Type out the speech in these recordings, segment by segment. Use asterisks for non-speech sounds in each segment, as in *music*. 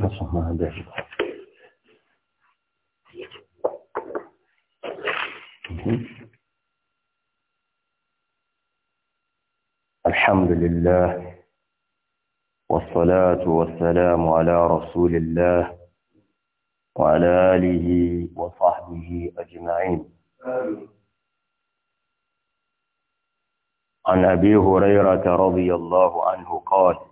الحمد لله والصلاة والسلام على رسول الله وعلى آله وصحبه أجمعين عن أبي هريرة رضي الله عنه قال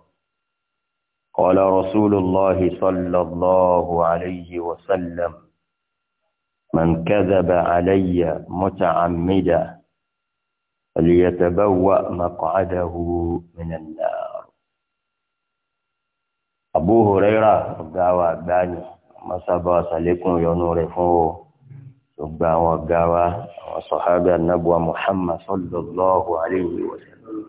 قال رسول الله صلى الله عليه وسلم من كذب علي متعمدا فليتبوأ مقعده من النار أبو هريرة دعوة بني مصابة سليكم ينورفوه ثم وقعوا وصحابة النبوة محمد صلى الله عليه وسلم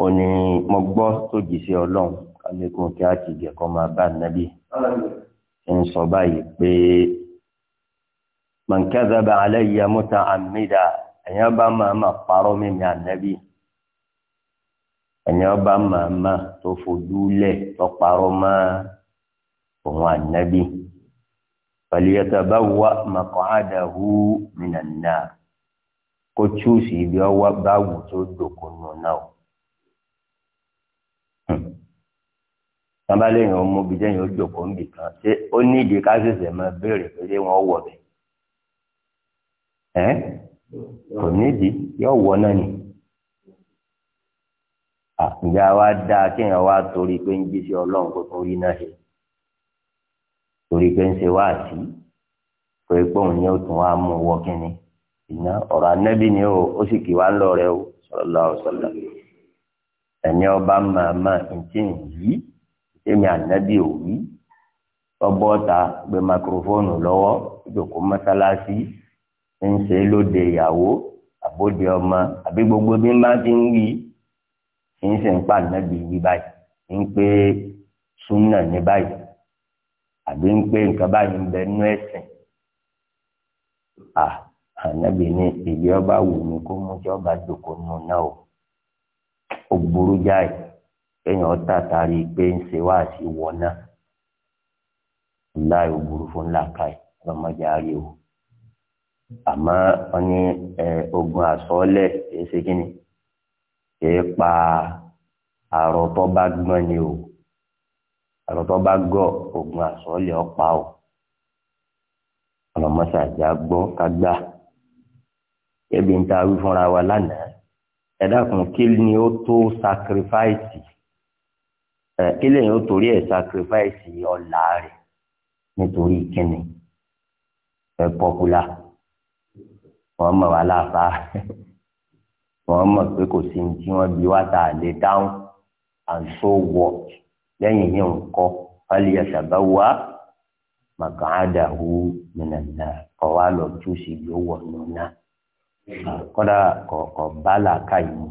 وني مقبوط تجيسي اللهم alekun kí a ti jẹ kọ máa bá nàbí ń sọ báyìí pé man kadhaba alayya muta'ammida ẹ̀yàn bá máa ma parọ́ mímí ànábì ẹ̀yàn bá máa ma tó fojú lẹ̀ tó parọ́ mọ́ òun ànábì falyatabawwa maq'adahu minan nar kó chúùsì ibi ọwọ́ báwù tó dòkun nù náà. sábà lẹ́yìn ọmọ bíi jẹ́yìn ó jòkó níbì kan ṣé ó ní ìdí ká ṣẹ̀ṣẹ̀ máa béèrè pé ṣé wọ́n wọ̀ bẹ́ẹ̀ ẹ́ kò nídìí yóò wọ náà ni àtúnjà wa dáa kéèyàn wá torí pé ń jí sí ọlọ́run kó tó rí náà ṣe torí pé ń ṣe wá sí pé gbóhùn ni ó tún wá mú wọ kínní ìná ọ̀rọ̀ anẹ́bí ni ó ó sì kì wá ń lọ rẹ o sallallahu alaihi wasallam ẹni ọba màmá ìtì yìí èmi ànábì òwí ọbọ̀ta gbé makrofóònù lọ́wọ́ ìjòkó mọ́sálásí ń ṣe lóde ìyàwó àbóde ọmọ àbí gbogbo bí n bá ti ń wí kì í ṣe ń pa ànábì wí báyìí ń pé súnà ní báyìí àbí ń pé nǹkan báyìí ń bẹ nú ẹ̀sìn à ní ìdí ọba wù mí kó mú tí ọba jòkó nù náà ó burú jáì kéèyàn tàtàrí pé ń ṣe wá sí wọná láì òbúrú fún làákàyè lọmọdé àárẹ o àmọ́ wọn ní ogun àsọọlẹ kìí ṣe kíni kìí pa àròtọ bá gbọn ni o àròtọ bá gọ ogun àsọọlẹ ọpa o ọlọmọṣàjà gbọ́ kagbá ẹbí ń ta wí fúnra wa lánàá ẹ dákun kí ni ó tó sacrifice ẹ kí lèyìn ó torí ẹ sacrifice ọlà rẹ nítorí kíni ẹ pọpula wọn mọ wà láàfà *laughs* wọn mọ pé kò sí ní tí wọn bí wá tá a dáhùn and so what lẹ́yìn yìí ń kọ wálé ẹsàbá wá màkà àdàwù nìlànà ọwọ àlọ túṣì yóò wọ nùnà kódà kọkọ bá làákà yìí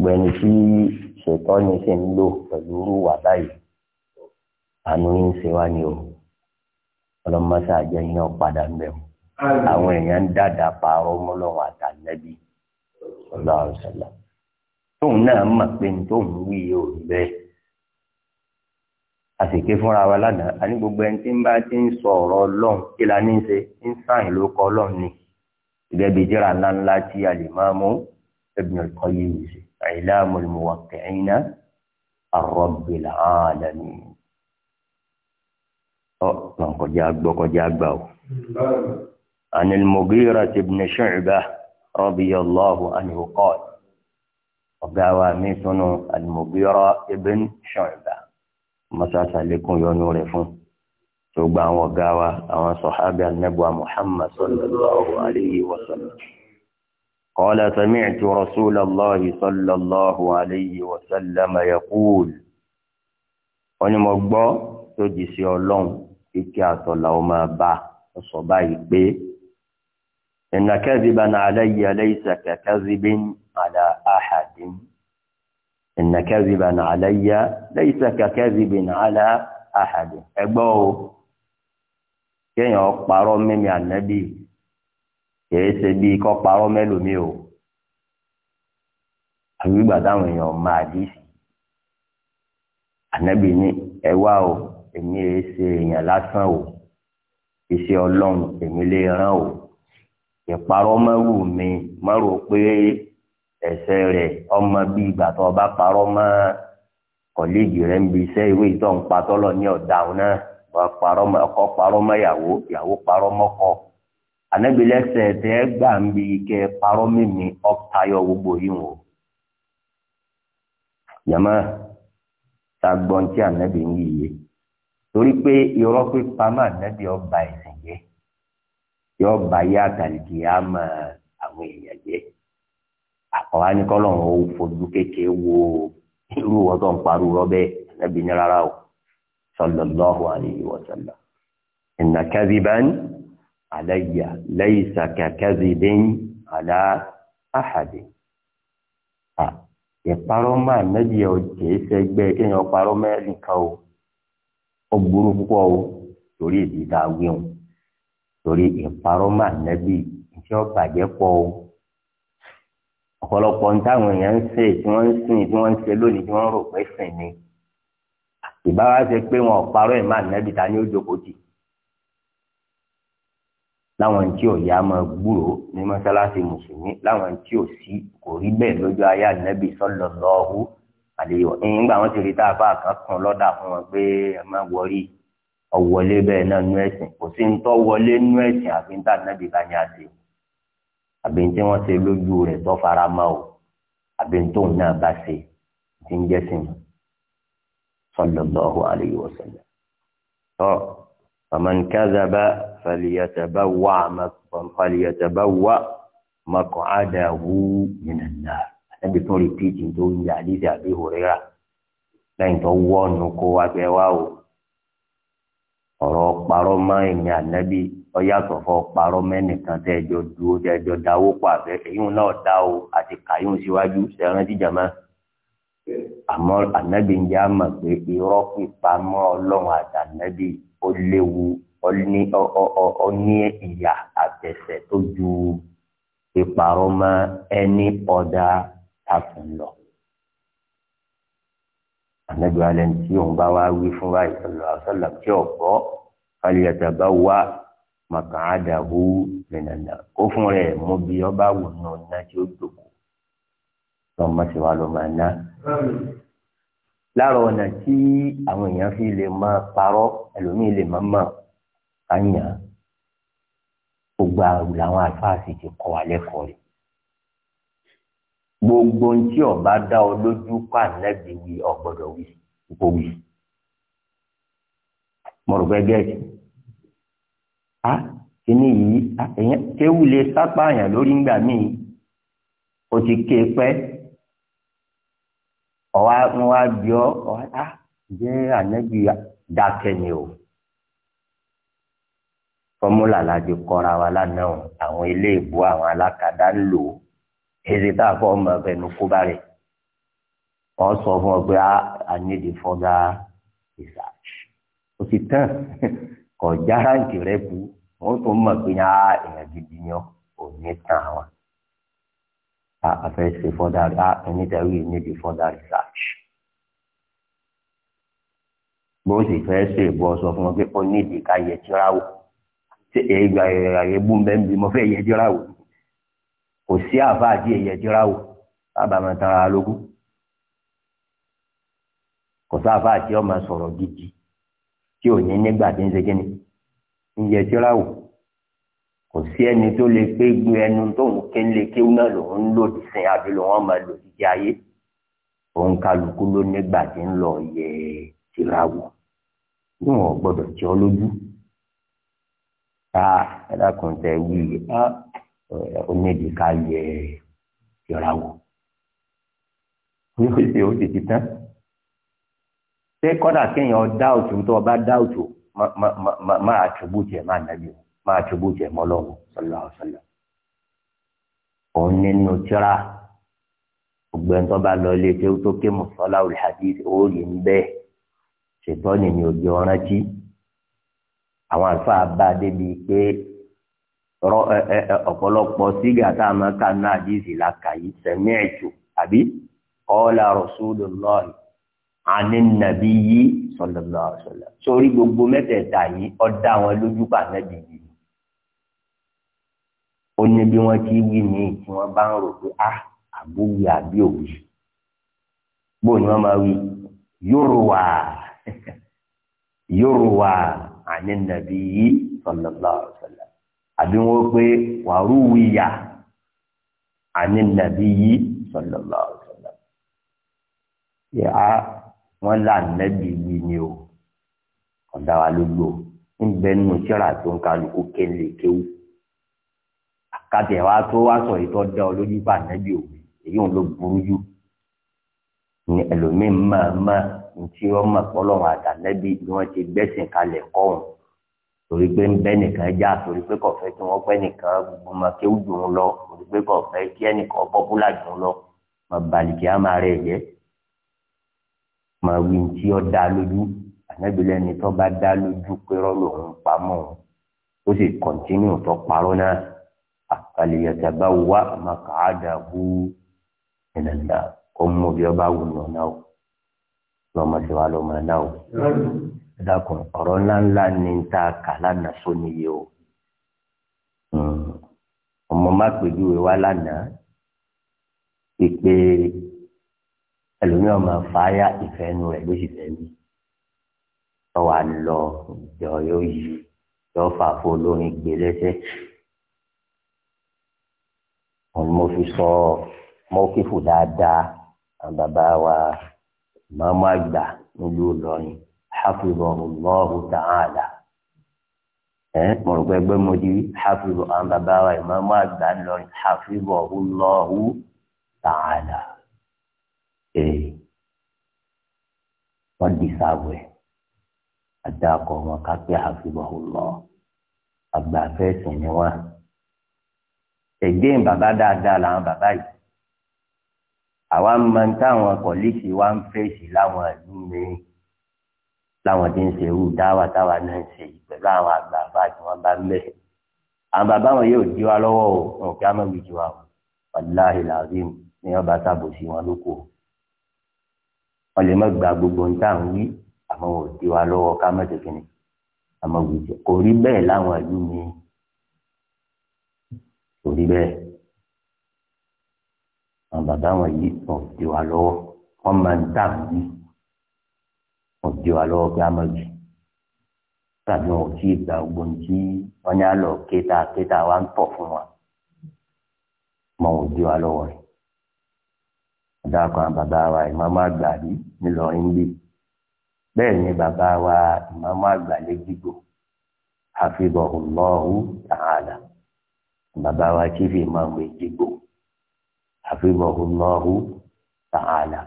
gbẹ̀ni tí ṣètọ́ni ṣe ń lò pẹ̀lú rúwà báyìí àánú ń ṣe wá ni o ọlọ́mọṣà jẹ́ iná padà ń bẹ̀rù àwọn èèyàn ń dáadáa pààrọ̀ ọmọlọ́wọ́ àtàlẹ́bí ọlọ́ọ̀ṣọ́lá tóun náà mọ̀ pé tóun wí yóò bẹ́ẹ̀ àsìké fúnra wa lánàá a ní gbogbo ẹni tí ń bá ti ń sọ ọ̀rọ̀ ọlọ́run kí la ní ṣe ń sàn ló kọ ọlọ́run ni gẹ́gẹ́ bí jíra ńláńlá tí alimami Ibn al-Qayyim ṣe i'lamul muwaqqi'ina ar-rabbil alamin. ọ kàn kọjá gbọ́ kọjá gbà o. عن المغيرة بن شعبة رضي الله عنه قال وقاوى ميسون المغيرة بن شعبة مساسا لكم ينورفون ṣùgbọ́n àwọn ọ̀gá wa àwọn sọ̀hábẹ́ anábùwà Muhammad sallallahu alayhi wa sallam قال سمعت رسول الله صلى الله عليه وسلم يقول oni mo gbọ́ tó di sí ọlọ́run kíkẹ́ àtọ̀là ọmọ bá ọsọ báyìí pé inna kadhiban alayya laysa ka kadhibin ala ahadin inna kadhiban alayya laysa ka kadhibin ala ahadin ẹgbọ́ o kéèyàn parọ́ mímí ànábì kìí ṣe bíi kọ́ parọ́ mẹ́lòmíì o àgbègbè àtàwọn èèyàn máa dì í sí ànábì ní ẹ o èmi ẹ e ṣe èèyàn o iṣẹ́ ọlọ́run èmi lè rán o ìparọ́ mẹ́wù mi rò pé ẹsẹ rẹ̀ ọmọ bíi ìgbà tó o bá ń bi ìwé ìtọ́ ń ní ọ̀daràn náà ànábi lẹ́sẹ̀ tẹ́ gbà ń bi kẹ́ parọ́ mímí ọ́pútayọ gbogbo yìí wò yàmá ta gbọ́n tí ànábi ń yíye torí pé irọ́ pípa má ànábi ọba ẹ̀sìn jẹ́ yọ ọba yá àtàlìkì á mọ àwọn èèyàn jẹ́ àkọ́wá ní kọ́lọ́hún ó fojú kékeré wo irú wọn tó ń parú rọ́bẹ́ ànábi ní rárá o sallallahu alaihi wa sallam inna kadhiban. alayya laysa kakazibin ala ahadi. ìparọ́ máa nẹ́bí ọ kìí kéèyàn parọ́ mẹ́rin kan o ó burú púpọ̀ o torí a torí ìparọ́ máa nẹ́bí iṣẹ́ ọ̀bàjẹ́ pọ̀ o ọ̀pọ̀lọpọ̀ ní táwọn èèyàn ń ṣe tí wọ́n ń sìn tí wọ́n ń ṣe lónìí tí wọ́n ń ni ìbára ṣe pé wọn ẹ̀ máa ta ni ó láwọn tí ò yá máa gbúrò ní mọ́sálásí mùsùlùmí láwọn tí ò sí kò rí bẹ́ẹ̀ lójú ayé ànábì sallallahu alaihi wa sallam nígbà wọn ti rí táàfà kan kan lọ́dà fún wọn pé ẹ má wọrí ọ̀wọ́lé bẹ́ẹ̀ náà nú ẹ̀sìn kò sí ń tọ́ wọlé nú ẹ̀sìn àfi ń tà ànábì bá ní àṣẹ àbí tí wọ́n ṣe lójú rẹ̀ tó fara mọ́ o àbí tóun náà bá ṣe ti ń jẹ́ sìn sallallahu alaihi wa falyatabawwa maq'adahu minan nar ẹbí tún rìpíìtì tó ń yà àdìsí àbí òrera lẹ́yìn tó wọ ọnù kó wá gbẹ wá o ọ̀rọ̀ parọ́ mọ́ èmi ànábì ọyàtọ̀ fọ parọ́ mẹ́nìkan tẹ́jọ dúró tẹ́jọ dáwó pàfẹ́ èyún náà dá o àti kàyún síwájú sẹ́rán jíjàmá àmọ́ ànábì ń já mọ̀ pé irọ́ pípa mọ́ àtànábì ó léwu ó ní ìyà àtẹ̀sẹ̀ tó ju ìpààrọ̀ mọ́ ẹni ọ̀dà tàkùn lọ. ànágbé alẹ́ tí òun bá wá wí fún wa ìsọ̀lọ̀ àṣọ̀lọ̀ tí ò gbọ́ kálíyàtà bá wá màkà àdàbò lẹ́nàdà ó fún rẹ̀ mú bí ọba wò náà náà tí ó dòkó. lọ́mọ sí wa ló máa ná lára ọ̀nà tí àwọn èèyàn fi lè máa parọ́ ẹlòmíì lè máa mọ̀ àyàn gbogbo àrùn làwọn àlùfáàsì ti kọ́ wa lẹ́kọ̀ọ́ rẹ̀ gbogbo ohun tí ọba dá ọ lójú pa nẹ́bi wí ọ̀gbọ́dọ̀ wí kó wí mọ̀rùbẹ́ gẹ́ẹ̀tì á kíní yìí kéwù lè sápá àyàn lórí ńgbà míì ó ti ké pẹ́ ọwọ́ wọn wá bí ọ ọwọ́ á jẹ́ ànábì dákẹ́ ni o fọmúlà láti kọ́ra wa lánàá àwọn ilé ìbò àwọn alákàdá ń lò ó èsì tá a fọ ọmọ ẹgbẹ́ nu kó bá rẹ̀ wọ́n sọ fún ọ pé a need further research ó ti tán *laughs* kọjá ráǹkì rẹ kú wọ́n tún mọ̀ pé ní a gidi yan ò ní tán àwọn a fẹ́ ṣe fọ́dà a ẹni tẹ̀wé níbi fọ́dà research. bó sì fẹ́ ṣe ìbọn sọ fún wọn pé ó ní ìdíkà yẹ tíráwò ṣé ìgbà àyẹ̀bù mẹ́mbí mo fẹ́ yẹ tíráwò kò sí àfáà tí èyẹ tíráwò sábàámọ̀ tara lógún kò sáfáà tí ọmọ sọ̀rọ̀ gidi tí ò ní nígbà tí ń ṣe kíni ń yẹ tíráwò kò sí ẹni tó lè pé gbé ẹnu tóun ké ń lè kéwú náà lòun ń lòdì sí àbí lòun máa lòdì sí ayé òun kálukú ló nígbà tí ń lọ yẹ tìra wò níwọ̀n gbọ́dọ̀ tí ọ lójú tá ah, ẹlẹ́kùn tẹ wí á onídìí ah, ká yẹ tìra yóò ṣe ó ti ti tán ṣé kọ́dà kéèyàn dá òtún tó o bá dá òtún má àtúbù tiẹ̀ má nàbí o máa tìbú jẹ mọ́ lọ́wọ́ sallallahu alaihi wasallam. òun nínú tíra gbogbo ẹni tó bá lọ ilé tí ó tó ké mùsọ́lá olùhàdíìsì ó rí ń bẹ́ẹ̀ ṣètọ́ ni ni òjò rántí àwọn àlùfáà bá a débi pé ọ̀pọ̀lọpọ̀ sígà tá a máa ká náà àdíìsì la kà yìí sẹ̀mí ẹ̀jù àbí ọ̀la rasulullahi àní nàbí yìí sallallahu alaihi sórí gbogbo mẹ́tẹ̀ẹ̀ta yìí ó dá lójú pa nàbí yìí ó ní bí wọ́n ti wí ní tí wọ́n bá ń rò pé a ah, àbúwí àbí òwì bó ni wọ́n máa wí yorùwà *laughs* yorùwà àní nàbí yìí sallallahu alaihi wasallam àbí wọ́n pé wàrúwìyà àní nàbí yìí sallallahu alaihi wasallam yà wọn là nàbí wí ni o ọ̀dà wa ló lò ń bẹ́ẹ̀ nù tíra tó ń kálukú kéńlé kéwù kàtẹ́ wa tó wá sọ ìtọ́ da ọ lójú bá nẹ́bí òwe èyí ń lo burú jù ní ẹlòmíín máa máa ntí wọn mọ pọlọrun àtànẹbí ni wọn ti gbẹsìn kalẹ̀ kọrun torí pé ń nìkan já torí pé kò fẹ́ wọn pẹ nìkan gbogbo ọmọ kéwù dùn lọ torí pé kò fẹ́ ẹnìkan pọpúlà dùn ún lọ mọ balùkì àmà rẹ jẹ mọ wí ntí ọ dá lójú ànẹbí lẹni tó bá dá lójú pé rọ lòun pamọ́ ó sì kọńtínú tó parọ́ náà àfàlìyàtàbáwá màkàdàbù ẹnìyà kó mú bí ọba wù ní ọ̀nà o lọ́mọ sí wa lọ́mọ ẹ̀nà o dákun ọ̀rọ̀ ńláńlá ni ń ta kàlá nà sóni yìí o hmm. ọmọ má pèjúwe wa lánàá ìpè ẹlòmíràn máa fàáyà ìfẹ́ nu ló sì fẹ́ mi ọwọ́ àlọ́ ìjọ yóò yí yọ fà fún òun mo fi sọ mọ́kífù dáadáa àwọn bàbá wa màmú àgbà nílùú Ìlọrin hafizahullahu ta'ala ẹ mo rò pé ẹgbẹ́ mo di hafizu àwọn bàbá wa màmú àgbà Ìlọrin hafizahullahu ta'ala ẹ wọ́n di sáwọ̀ ẹ̀ wọn ká pé hafizahullahu àgbà fẹ́ẹ̀sì ni wọ́n ẹgbẹ́n bàbá dáadáa làwọn bàbá yìí àwa máa ń táwọn kọ̀líṣì wa ń fèsì láwọn ìlú mi láwọn tí ń ṣe irú dáwà táwa náà ń ṣe yìí pẹ̀lú àwọn àgbààgbà tí wọ́n bá mẹ́ àwọn bàbá wọn yóò di wa lọ́wọ́ o wọn kí á mọ̀ wí ju wa o wàláhì làzim ni wọn bá sábòsí wọn lóko wọn lè má gba gbogbo ń tà ń wí àmọ́ wọn ò di wa lọ́wọ́ ká mọ̀ tẹ̀kínì àmọ́ wí jẹ́ kò rí bẹ́ẹ̀ láwọn ìlú mi torí bẹ́ẹ̀ àwọn bàbá wọn yìí wọn di wa lọ́wọ́ wọn máa ń dà wí wọn di wa lọ́wọ́ pé a máa jù tàbí wọn ò tí ì gba ogun tí wọn ní àlọ kéta kéta wa ń pọ̀ fún wa mọ wọn ò di wa lọ́wọ́ rẹ̀ dákan bàbá wa ìmọ̀mọ́ àgbà rí ńlọrin bẹ́ẹ̀ ni bàbá wa ìmọ̀mọ́ àgbà lè dìgbò àfihàn Allahu ta'ala bàbá wa chief imam ìdìbò àfihàn ta'ala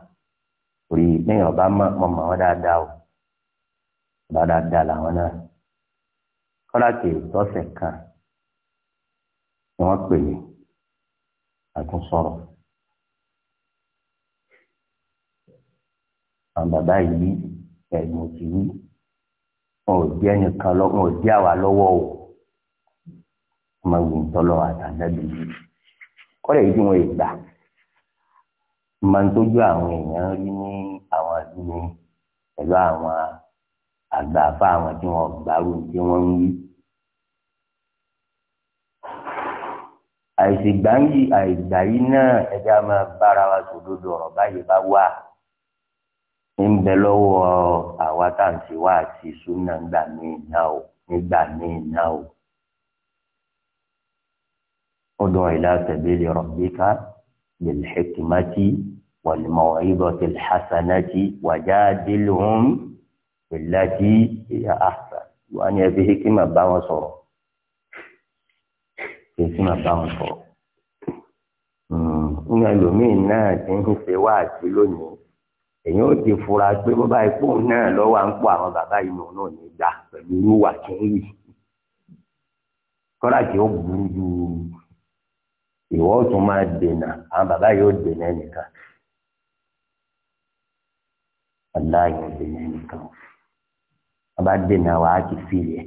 orí lẹ́yìn ọba mọ̀ mọ̀ wọ́n dáadáa o ọba dáadáa làwọn náà kọ́lá kìí tọ́sẹ̀ kan ni wọ́n pè mí àtúnsọ̀rọ̀ àwọn bàbá yìí ẹ̀gbọ́n ti wí wọn ò jẹ́ nìkan lọ́wọ́ wọn ò jẹ́ àwa lọ́wọ́ o ọmọ ìwé ńtọ́lọ́ àtàndẹ́bí kọ́lẹ̀ yìí tí wọ́n gbà máa ń tójú àwọn èèyàn rí ní àwọn àdúgbò pẹ̀lú àwọn àgbààfà àwọn tí wọ́n gbàrú tí wọ́n ń wí. àìsìgbà yìí àìgbà yìí náà ẹja máa bára wa sòdodo ọ̀rọ̀ báyìí bá wà ń bẹ lọ́wọ́ àwa tá à ń ṣe wá àti súnà ńgbà míì náà nígbà míì náà ud'u ila sabili rabbika bil hikmati wal maw'izati al hasanati wajadilhum billati hiya ahsan wọ́n á ní ẹbí hikima bá wọn sọ̀rọ̀ hikima bá wọn sọ̀rọ̀ hmm. ní ẹlòmíín náà ti ń ṣe wáàsí lónìí èyí ó ti fura pé bó báyìí pò náà lọ́wọ́ à ń pò àwọn bàbá inú náà ní gbà pẹ̀lú irú wà kí ń wì kọ́lá tí ó burú ju ìwọ tún máa dènà àwọn bàbá yóò dènà ẹnìkan aláyọ̀ dènà ẹnìkan bàbá dènà wàá ti fìlẹ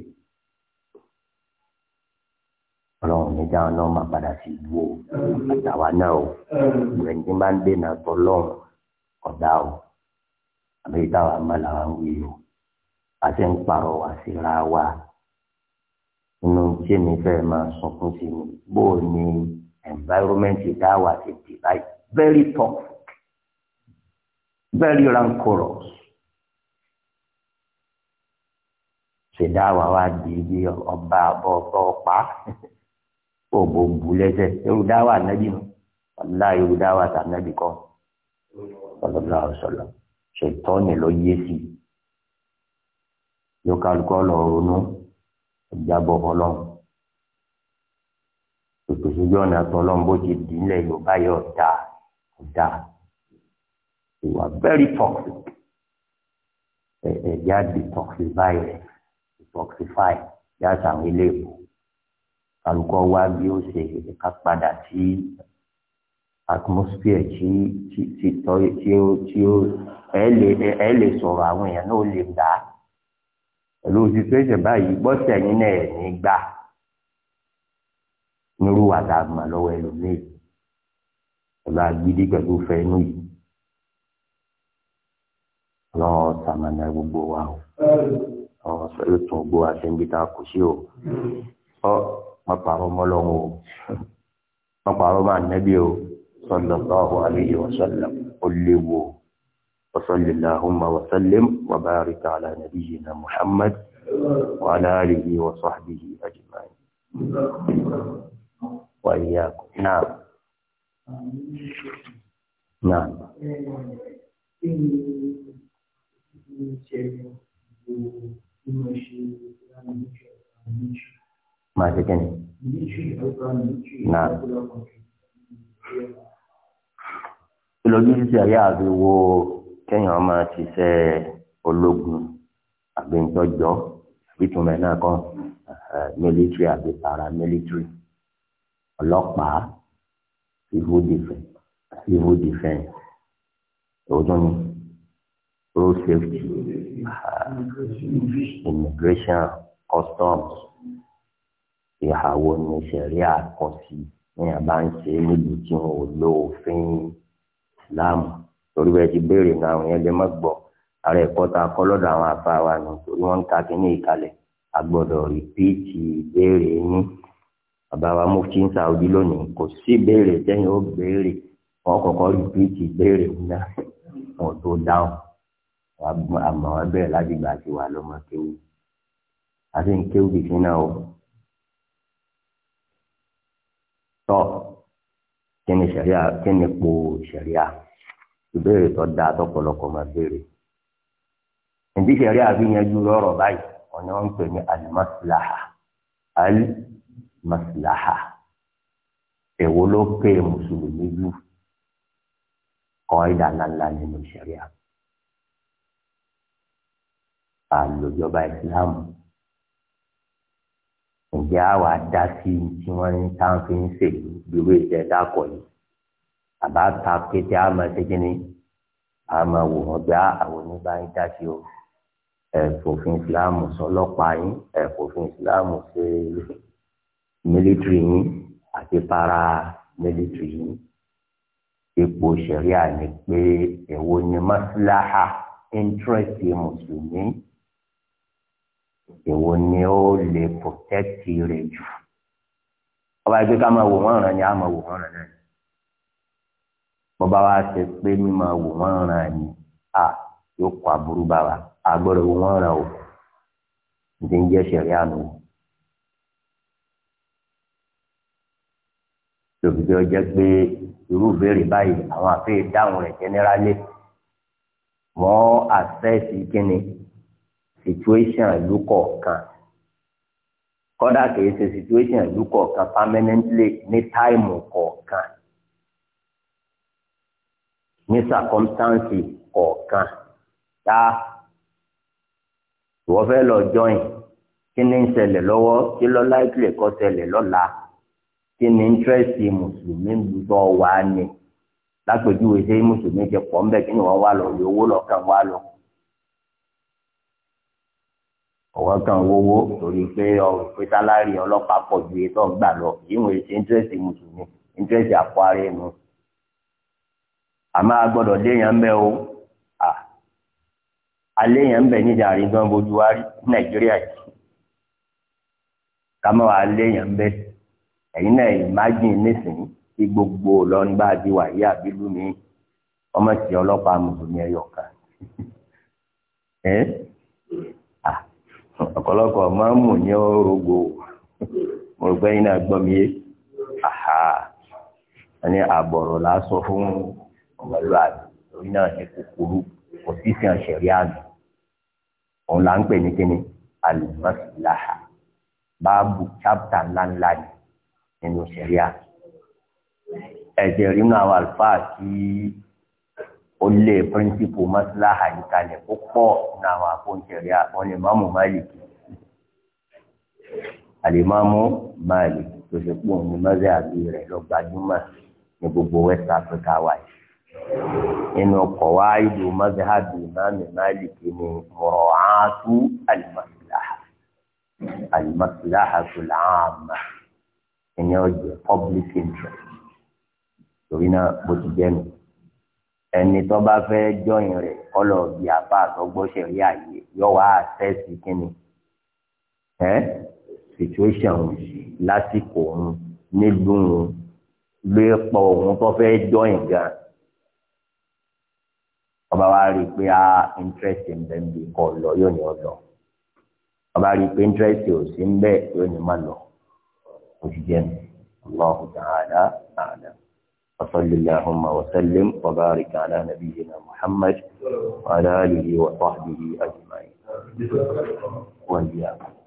Ọlọ́run ní dáhùn náà máa padà sí ìlú o àtàwa náà o ìrẹ̀ǹdí bá ń dènà tọlọ́run ọ̀dà o àbí táwa máa làwọn wí o àti ń parọ́ wá síra wa inú jẹ́mi fẹ́ máa sọkún sí mi bóò ni environment tá a wà ti báyìí very tough very rancorous ṣẹ̀dá wa wá di ibi ọba àbọ̀ ọba ọ̀pá *laughs* òbò bu lẹ́sẹ̀ erudá wa nábì mu ọ̀la erudá wa tà nábì kọ́ ọlọ́lá ọ̀sọ̀lọ́ ṣètọ́ ni yé sí yóò kálukọ́ lọ ronú ìjábọ̀ ọlọ́run ojú ọ̀nà tọ́lọ́mbó ti dì ńlẹ̀ yorùbá yóò dá dá ìwà very toxic ẹ ẹ yá detoxify rẹ detoxify yá sàwọn ilé ìbò kálukọ wá bí ó ṣe ká padà sí atmosphere tí tí tí tọ́ tí ó tí ó ẹ lè ẹ lè sọ̀rọ̀ àwọn èèyàn náà lè gbà pẹ̀lú situation báyìí gbọ́sẹ̀ yín náà ẹ̀ ní gbà nírú àtà àmà lọ́wọ́ ẹlòmíì pẹ̀lú agídí pẹ̀lú fẹ́ inú yìí lọ́wọ́ sàmánà gbogbo wa o ọ̀ sọ́yọ́ tún gbogbo àtẹ̀ǹbí tá a kù sí o ọ́ mọ̀pàrọ̀ mọ́lọ́wọ́ o mọ̀pàrọ̀ máa nẹ́bí o sallallahu alayhi wa sallam ó léwu o وصل اللهم وسلم وبارك على نبينا محمد وعلى آله وصحبه أجمعين. وإياكم نعم نعم ما تكني نعم ìlójútì ayé àbíwò kéèyàn máa ṣiṣẹ́ ológun àbí ntọ́jọ́ ìtumẹ̀ náà kan military àbí paramilitary ọlọ́pàá civil defence civil defence òótọ́ ni road safety immigration customs ìhàwọ ní sẹ̀ríà kọ sí ní àbá ń ṣe nílùú tí wọn ò lo òfin ìsìláàmù torí bẹ́ẹ̀ ti béèrè ní àwọn yẹn lè má gbọ́ ara ẹ̀kọ́ tá a kọ́ lọ́dọ̀ àwọn àfa wa nù torí wọ́n ń ka kínní ìkalẹ̀ a gbọ́dọ̀ rìpíìtì ìbéèrè yín bàbá wa mufti ń Saudi lónìí kò sí béèrè sẹ́yìn ó béèrè wọn kọ́kọ́ rìpíìtì béèrè ńlá wọn tó dáhùn àmọ́ wọn bẹ̀rẹ̀ láti gbà sí wa lọ́mọ kéwù àti ń kéwù bìfín náà o. tọ́ kí ni sẹ̀ríà kí ni po sẹ̀ríà ìbéèrè tó dáa tọ́pọ̀lọpọ̀ máa béèrè. ìdí sẹ̀ríà fi yanjú lọ́rọ̀ báyìí wọn ni wọ́n ń pè ní alimaslaha maslaha èwo ló pé mùsùlùmí jù kọ́ ìdánilá nínú ìṣẹ̀ríà àlòjọba ìsìláàmù ǹjẹ́ àwa dá sí tí wọ́n ní táwọn fi ń ṣèlú bírú ìṣẹ́ dákọ̀ yìí àbá ta kété àmọ́ ṣẹ́gi ni àmọ́ wò wọ́n gbá àwọn oníbà ń dá sí o ẹ̀fòfin ìsìláàmù sọlọ́pàá yín ẹ̀fòfin ìsìláàmù ṣe é mílítìrì yín àti para mílítìrì yín ipò ṣẹ̀ríà ni pé èwo ni maslaha íńtírẹ́sì mùsùlùmí èwo ni ó lè pòtẹ́kì rẹ̀ jù ọba ẹgbẹ́ ká máa wò wọ́n ràn ní á máa wò wọ́n ràn náà bọ́ bá wa ṣe pé mi máa wò wọ́n ràn ní à yóò kó aburú bá wa agbọ́dọ̀ wò wọ́n ràn o ní ti ń jẹ́ ṣẹ̀ríà o tòbí tó jẹ́ pé irú ìbéèrè báyìí àwọn àfẹ́yẹ dáhùn rẹ̀ jẹ́nẹ́rálì wọ́n àfẹ́sì kínni situation ìlú kọ̀ọ̀kan kọ́dà kìí ṣe situation ìlú kọ̀ọ̀kan permanently ní táìmù kọ̀ọ̀kan ní circumstance kọ̀ọ̀kan tá ìwọ fẹ́ lọ join kí ni ń ṣẹlẹ̀ lọ́wọ́ kí lọ́la ìpìlẹ̀ kọ́ ṣẹlẹ̀ lọ́la. kí ni íńtírẹ́sì mùsùlùmí ń lọ wá ni lápèjúwe ṣé mùsùlùmí ti pọ̀ ń bẹ̀ kí ni wọ́n wá lọ rí owó lọ́kàn lọ. ọwọ kan wọ́wọ́ torí pé ọ̀rọ̀ pé sálárì ọlọ́pàá pọ̀ ju ètò lọ mùsùlùmí àpò ara ẹnu. àmọ́ a gbọ́dọ̀ léèyàn ń bẹ o ń bẹ níjà wa rí nàìjíríà yìí ẹ̀yin na imagine nísìnyí tí gbogbo lọ́nù bá ti wà yí àbílú mi ọmọ tí ọlọ́pàá mùsùlùmí ẹ̀yọ̀ kan *laughs* ẹ́ ọ̀pọ̀lọpọ̀ máa ń mú ní orogo mo rò pé yín náà gbọ́ mi yé ẹni àbọ̀rọ̀ la fún náà ní kúkúrú kò sí sí àṣẹrí àná òun là ń pè ní kíni báàbù nínú sẹ̀ríà ẹ̀jẹ̀ rí nínú àwọn àlùfáà tí ó lé píríncípù mọ́síláhà yìí kalẹ̀ ó pọ̀ nínú àwọn àfọ̀nsẹ̀ríà wọn ni mọ́mù máàlìkì àlèmọ́mù máàlìkì tó ṣe pọ̀ ní mọ́sẹ̀ àbí rẹ̀ lọ gbajúmọ̀ ní gbogbo West Africa wáyé inú kọ̀wá ìlú mọ́sẹ̀ àbí mọ́mù máàlìkì ni mọ̀rọ̀ àátú àlùmọ́síláhà àlùmọ́síláhà tó làá máa ìyẹn ọjọ́ public interest torí náà bó ti jẹ́ mi ẹni tó bá fẹ́ jọyìn rẹ̀ kọ́lọ̀ bíi apá àtọ́gbọ́sẹ̀ rí àyè yọ wá àṣẹ́sì kínni ẹ́ situation lásìkò òun nílùú òun lè pọ̀ òun tó fẹ́ jọyìn gan ọba wa rí i pé a interest ń bẹ ń bí kọ́ lọ yóò ní ọ lọ ọba rí i pé interest ò sí ń bẹ yóò ní má lọ. òṣìṣẹ́ الله تعالى أعلم وصل اللهم وسلم وبارك على نبينا محمد وعلى آله وصحبه أجمعين وإياكم